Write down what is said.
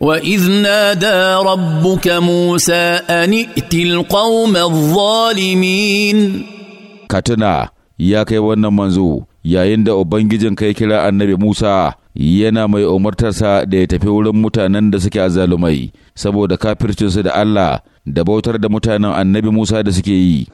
وإذ نادى ربك موسى أن ائت القوم الظالمين كاتنا يا كي wannan manzo yayin da ubangijinka كي kira annabi Musa yana mai umartarsa da ya tafi wurin mutanen da suke azalumai saboda kafircinsu da Allah da bautar da mutanen annabi Musa da suke yi